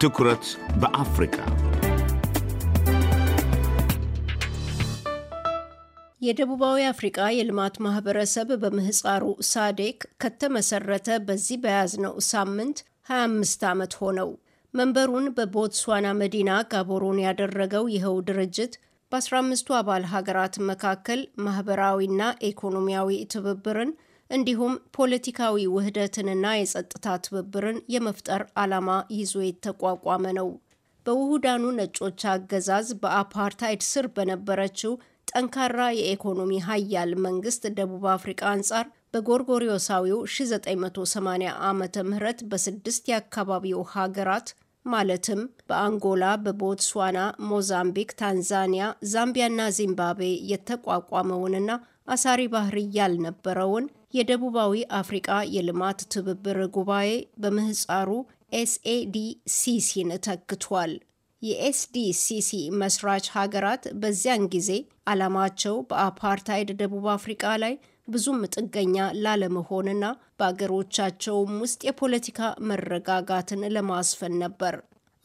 ትኩረት በአፍሪካ የደቡባዊ አፍሪቃ የልማት ማህበረሰብ በምህፃሩ ሳዴክ ከተመሰረተ በዚህ በያዝነው ሳምንት 25 ዓመት ሆነው። መንበሩን በቦትስዋና መዲና ጋቦሮን ያደረገው ይኸው ድርጅት በ15ቱ አባል ሀገራት መካከል ማህበራዊና ኢኮኖሚያዊ ትብብርን እንዲሁም ፖለቲካዊ ውህደትንና የጸጥታ ትብብርን የመፍጠር ዓላማ ይዞ የተቋቋመ ነው። በውሁዳኑ ነጮች አገዛዝ በአፓርታይድ ስር በነበረችው ጠንካራ የኢኮኖሚ ሀያል መንግስት ደቡብ አፍሪቃ አንጻር በጎርጎሪዮሳዊው 1980 ዓ ም በስድስት የአካባቢው ሀገራት ማለትም በአንጎላ፣ በቦትስዋና፣ ሞዛምቢክ፣ ታንዛኒያ፣ ዛምቢያና ዚምባብዌ የተቋቋመውንና አሳሪ ባህር ያልነበረውን የደቡባዊ አፍሪቃ የልማት ትብብር ጉባኤ በምህፃሩ ኤስኤዲሲሲን ተክቷል። የኤስዲሲሲ መስራች ሀገራት በዚያን ጊዜ ዓላማቸው በአፓርታይድ ደቡብ አፍሪቃ ላይ ብዙም ጥገኛ ላለመሆንና በአገሮቻቸውም ውስጥ የፖለቲካ መረጋጋትን ለማስፈን ነበር።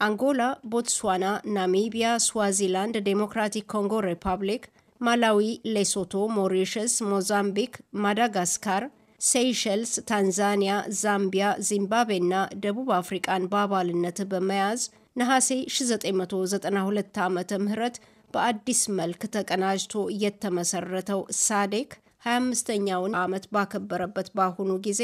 አንጎላ፣ ቦትስዋና፣ ናሚቢያ፣ ስዋዚላንድ፣ ዴሞክራቲክ ኮንጎ ሪፐብሊክ፣ ማላዊ፣ ሌሶቶ፣ ሞሪሽስ፣ ሞዛምቢክ፣ ማዳጋስካር፣ ሴይሸልስ፣ ታንዛኒያ፣ ዛምቢያ፣ ዚምባብዌና ደቡብ አፍሪቃን በአባልነት በመያዝ ነሐሴ 1992 ዓ ም በአዲስ መልክ ተቀናጅቶ የተመሰረተው ሳዴክ 25ኛውን ዓመት ባከበረበት በአሁኑ ጊዜ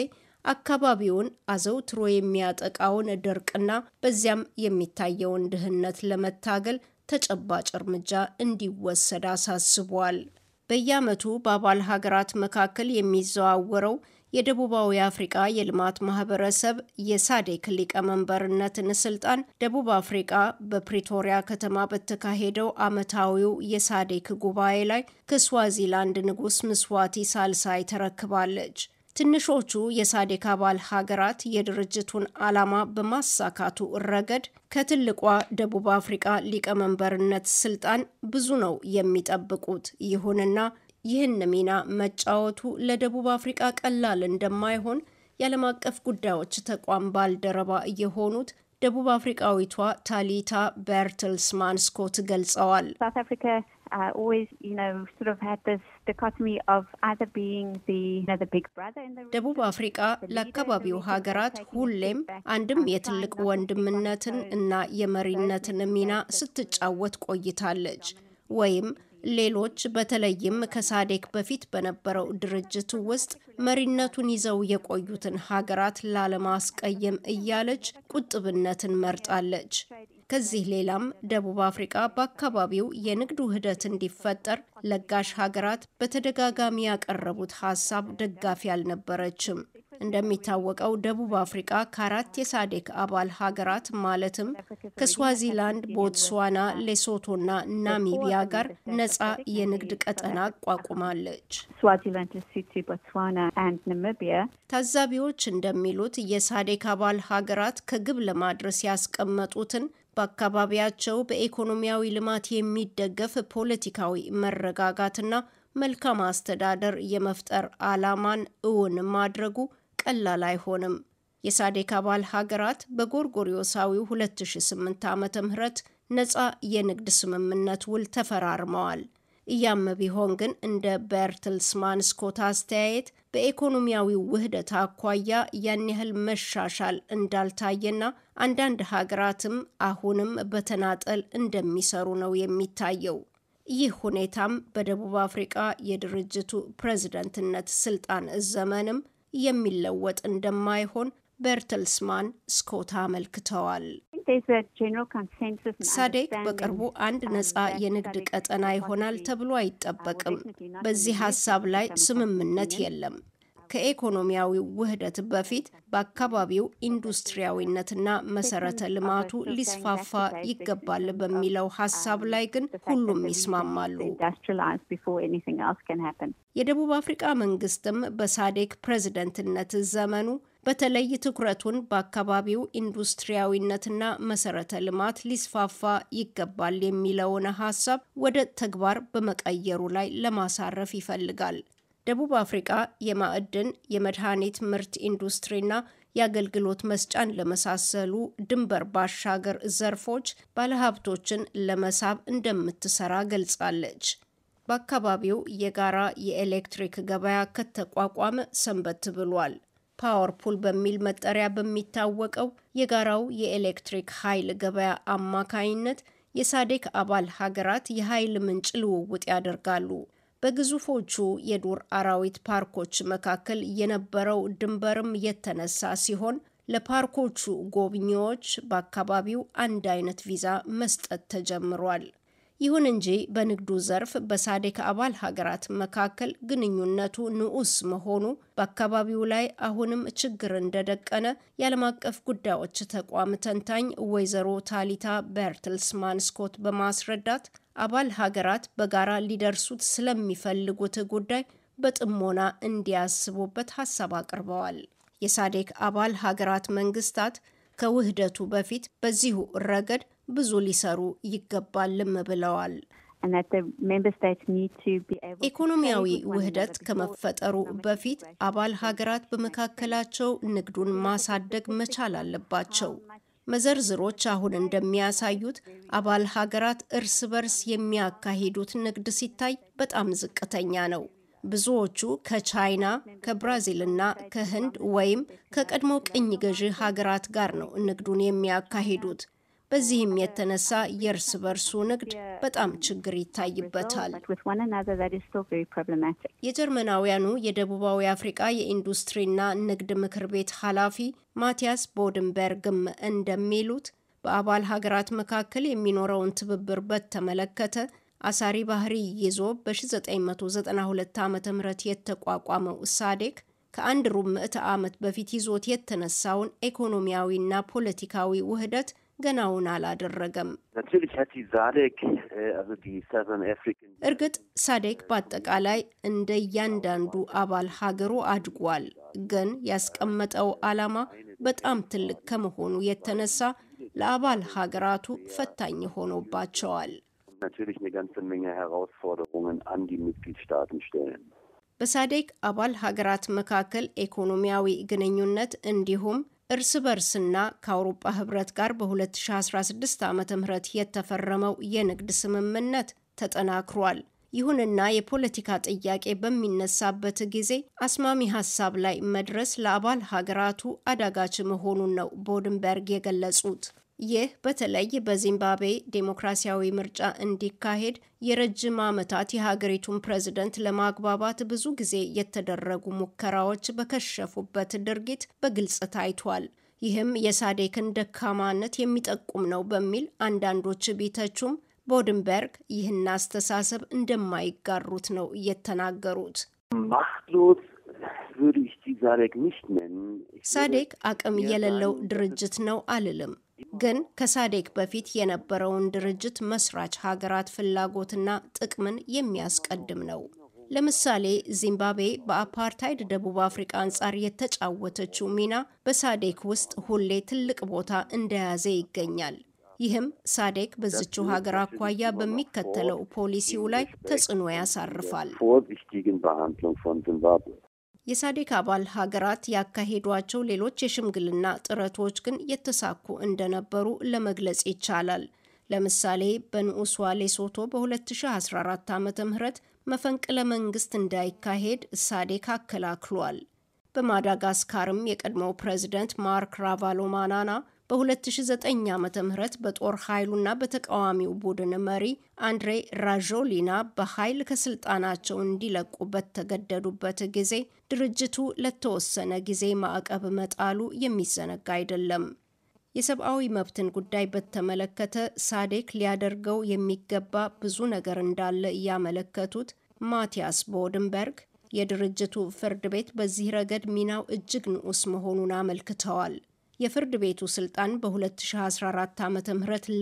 አካባቢውን አዘውትሮ የሚያጠቃውን ድርቅና በዚያም የሚታየውን ድህነት ለመታገል ተጨባጭ እርምጃ እንዲወሰድ አሳስቧል። በየዓመቱ በአባል ሀገራት መካከል የሚዘዋወረው የደቡባዊ አፍሪቃ የልማት ማህበረሰብ የሳዴክ ሊቀመንበርነትን ስልጣን ደቡብ አፍሪቃ በፕሪቶሪያ ከተማ በተካሄደው ዓመታዊው የሳዴክ ጉባኤ ላይ ከስዋዚላንድ ንጉስ ምስዋቲ ሳልሳይ ተረክባለች። ትንሾቹ የሳዴክ አባል ሀገራት የድርጅቱን ዓላማ በማሳካቱ ረገድ ከትልቋ ደቡብ አፍሪቃ ሊቀመንበርነት ስልጣን ብዙ ነው የሚጠብቁት። ይሁንና ይህን ሚና መጫወቱ ለደቡብ አፍሪቃ ቀላል እንደማይሆን የዓለም አቀፍ ጉዳዮች ተቋም ባልደረባ የሆኑት ደቡብ አፍሪቃዊቷ ታሊታ በርትልስማን ስኮት ገልጸዋል። I always, you know, sort of had this dichotomy of either being the, you know, the big brother in the ደቡብ አፍሪቃ ለአካባቢው ሀገራት ሁሌም አንድም የትልቅ ወንድምነትን እና የመሪነትን ሚና ስትጫወት ቆይታለች ወይም ሌሎች በተለይም ከሳዴክ በፊት በነበረው ድርጅት ውስጥ መሪነቱን ይዘው የቆዩትን ሀገራት ላለማስቀየም እያለች ቁጥብነትን መርጣለች። ከዚህ ሌላም ደቡብ አፍሪቃ በአካባቢው የንግድ ውህደት እንዲፈጠር ለጋሽ ሀገራት በተደጋጋሚ ያቀረቡት ሀሳብ ደጋፊ አልነበረችም። እንደሚታወቀው ደቡብ አፍሪቃ ከአራት የሳዴክ አባል ሀገራት ማለትም ከስዋዚላንድ፣ ቦትስዋና፣ ሌሶቶና ናሚቢያ ጋር ነጻ የንግድ ቀጠና አቋቁማለች። ታዛቢዎች እንደሚሉት የሳዴክ አባል ሀገራት ከግብ ለማድረስ ያስቀመጡትን በአካባቢያቸው በኢኮኖሚያዊ ልማት የሚደገፍ ፖለቲካዊ መረጋጋትና መልካም አስተዳደር የመፍጠር ዓላማን እውን ማድረጉ ቀላል አይሆንም። የሳዴክ አባል ሀገራት በጎርጎሪዮሳዊው 2008 ዓ ም ነፃ የንግድ ስምምነት ውል ተፈራርመዋል። እያም ቢሆን ግን እንደ በርትልስማን ስኮት አስተያየት በኢኮኖሚያዊ ውህደት አኳያ ያን ያህል መሻሻል እንዳልታየና አንዳንድ ሀገራትም አሁንም በተናጠል እንደሚሰሩ ነው የሚታየው። ይህ ሁኔታም በደቡብ አፍሪቃ የድርጅቱ ፕሬዝደንትነት ስልጣን ዘመንም የሚለወጥ እንደማይሆን በርተልስማን ስኮት አመልክተዋል። ሳዴክ በቅርቡ አንድ ነጻ የንግድ ቀጠና ይሆናል ተብሎ አይጠበቅም። በዚህ ሀሳብ ላይ ስምምነት የለም። ከኢኮኖሚያዊ ውህደት በፊት በአካባቢው ኢንዱስትሪያዊነትና መሰረተ ልማቱ ሊስፋፋ ይገባል በሚለው ሀሳብ ላይ ግን ሁሉም ይስማማሉ። የደቡብ አፍሪቃ መንግስትም በሳዴክ ፕሬዝደንትነት ዘመኑ በተለይ ትኩረቱን በአካባቢው ኢንዱስትሪያዊነትና መሰረተ ልማት ሊስፋፋ ይገባል የሚለውን ሀሳብ ወደ ተግባር በመቀየሩ ላይ ለማሳረፍ ይፈልጋል። ደቡብ አፍሪቃ የማዕድን የመድኃኒት ምርት ኢንዱስትሪና የአገልግሎት መስጫን ለመሳሰሉ ድንበር ባሻገር ዘርፎች ባለሀብቶችን ለመሳብ እንደምትሰራ ገልጻለች። በአካባቢው የጋራ የኤሌክትሪክ ገበያ ከተቋቋመ ሰንበት ብሏል። ፓወርፑል በሚል መጠሪያ በሚታወቀው የጋራው የኤሌክትሪክ ኃይል ገበያ አማካይነት የሳዴክ አባል ሀገራት የኃይል ምንጭ ልውውጥ ያደርጋሉ። በግዙፎቹ የዱር አራዊት ፓርኮች መካከል የነበረው ድንበርም የተነሳ ሲሆን ለፓርኮቹ ጎብኚዎች በአካባቢው አንድ አይነት ቪዛ መስጠት ተጀምሯል። ይሁን እንጂ በንግዱ ዘርፍ በሳዴክ አባል ሀገራት መካከል ግንኙነቱ ንዑስ መሆኑ በአካባቢው ላይ አሁንም ችግር እንደደቀነ የዓለም አቀፍ ጉዳዮች ተቋም ተንታኝ ወይዘሮ ታሊታ በርትልስማን ስኮት በማስረዳት አባል ሀገራት በጋራ ሊደርሱት ስለሚፈልጉት ጉዳይ በጥሞና እንዲያስቡበት ሀሳብ አቅርበዋል። የሳዴክ አባል ሀገራት መንግስታት ከውህደቱ በፊት በዚሁ ረገድ ብዙ ሊሰሩ ይገባልም ብለዋል። ኢኮኖሚያዊ ውህደት ከመፈጠሩ በፊት አባል ሀገራት በመካከላቸው ንግዱን ማሳደግ መቻል አለባቸው። መዘርዝሮች አሁን እንደሚያሳዩት አባል ሀገራት እርስ በርስ የሚያካሂዱት ንግድ ሲታይ በጣም ዝቅተኛ ነው። ብዙዎቹ ከቻይና ከብራዚልና ከህንድ ወይም ከቀድሞ ቅኝ ገዢ ሀገራት ጋር ነው ንግዱን የሚያካሂዱት። በዚህም የተነሳ የእርስ በርሱ ንግድ በጣም ችግር ይታይበታል። የጀርመናውያኑ የደቡባዊ አፍሪቃ የኢንዱስትሪና ንግድ ምክር ቤት ኃላፊ ማቲያስ ቦድንበርግም እንደሚሉት በአባል ሀገራት መካከል የሚኖረውን ትብብር በተመለከተ አሳሪ ባህሪ ይዞ በ1992 ዓ ም የተቋቋመው ሳዴክ ከአንድ ሩብ ምዕተ ዓመት በፊት ይዞት የተነሳውን ኢኮኖሚያዊና ፖለቲካዊ ውህደት ገናውን አላደረገም። äh, እርግጥ ሳዴክ በአጠቃላይ እንደ እያንዳንዱ አባል ሀገሩ አድጓል። ግን ያስቀመጠው ዓላማ በጣም ትልቅ ከመሆኑ የተነሳ ለአባል ሀገራቱ ፈታኝ ሆኖባቸዋል። በሳዴክ አባል ሀገራት መካከል ኢኮኖሚያዊ ግንኙነት እንዲሁም እርስ በርስና ከአውሮጳ ህብረት ጋር በ2016 ዓ ም የተፈረመው የንግድ ስምምነት ተጠናክሯል። ይሁንና የፖለቲካ ጥያቄ በሚነሳበት ጊዜ አስማሚ ሀሳብ ላይ መድረስ ለአባል ሀገራቱ አዳጋች መሆኑን ነው ቦድንበርግ የገለጹት። ይህ በተለይ በዚምባብዌ ዴሞክራሲያዊ ምርጫ እንዲካሄድ የረጅም ዓመታት የሀገሪቱን ፕሬዝደንት ለማግባባት ብዙ ጊዜ የተደረጉ ሙከራዎች በከሸፉበት ድርጊት በግልጽ ታይቷል። ይህም የሳዴክን ደካማነት የሚጠቁም ነው በሚል አንዳንዶች ቢተቹም ቦድንበርግ ይህን አስተሳሰብ እንደማይጋሩት ነው እየተናገሩት። ሳዴክ አቅም የሌለው ድርጅት ነው አልልም ግን ከሳዴክ በፊት የነበረውን ድርጅት መስራች ሀገራት ፍላጎትና ጥቅምን የሚያስቀድም ነው። ለምሳሌ ዚምባብዌ በአፓርታይድ ደቡብ አፍሪካ አንጻር የተጫወተችው ሚና በሳዴክ ውስጥ ሁሌ ትልቅ ቦታ እንደያዘ ይገኛል። ይህም ሳዴክ በዝችው ሀገር አኳያ በሚከተለው ፖሊሲው ላይ ተጽዕኖ ያሳርፋል። የሳዴክ አባል ሀገራት ያካሄዷቸው ሌሎች የሽምግልና ጥረቶች ግን የተሳኩ እንደነበሩ ለመግለጽ ይቻላል። ለምሳሌ በንዑሷ ሌሶቶ በ2014 ዓ ም መፈንቅለ መንግስት እንዳይካሄድ ሳዴክ አከላክሏል። በማዳጋስካርም የቀድሞው ፕሬዝደንት ማርክ ራቫሎማናና በ2009 ዓ ም በጦር ኃይሉና በተቃዋሚው ቡድን መሪ አንድሬ ራዦሊና በኃይል ከስልጣናቸው እንዲለቁበት ተገደዱበት ጊዜ ድርጅቱ ለተወሰነ ጊዜ ማዕቀብ መጣሉ የሚዘነጋ አይደለም። የሰብአዊ መብትን ጉዳይ በተመለከተ ሳዴክ ሊያደርገው የሚገባ ብዙ ነገር እንዳለ እያመለከቱት ማቲያስ ቦድንበርግ የድርጅቱ ፍርድ ቤት በዚህ ረገድ ሚናው እጅግ ንዑስ መሆኑን አመልክተዋል። የፍርድ ቤቱ ስልጣን በ2014 ዓ ም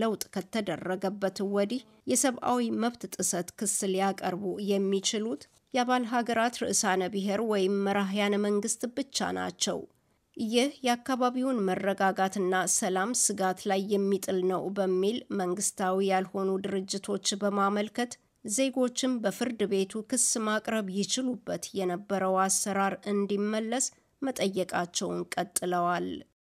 ለውጥ ከተደረገበት ወዲህ የሰብአዊ መብት ጥሰት ክስ ሊያቀርቡ የሚችሉት የአባል ሀገራት ርዕሳነ ብሔር ወይም መራህያነ መንግስት ብቻ ናቸው። ይህ የአካባቢውን መረጋጋትና ሰላም ስጋት ላይ የሚጥል ነው በሚል መንግስታዊ ያልሆኑ ድርጅቶች በማመልከት ዜጎችም በፍርድ ቤቱ ክስ ማቅረብ ይችሉበት የነበረው አሰራር እንዲመለስ መጠየቃቸውን ቀጥለዋል።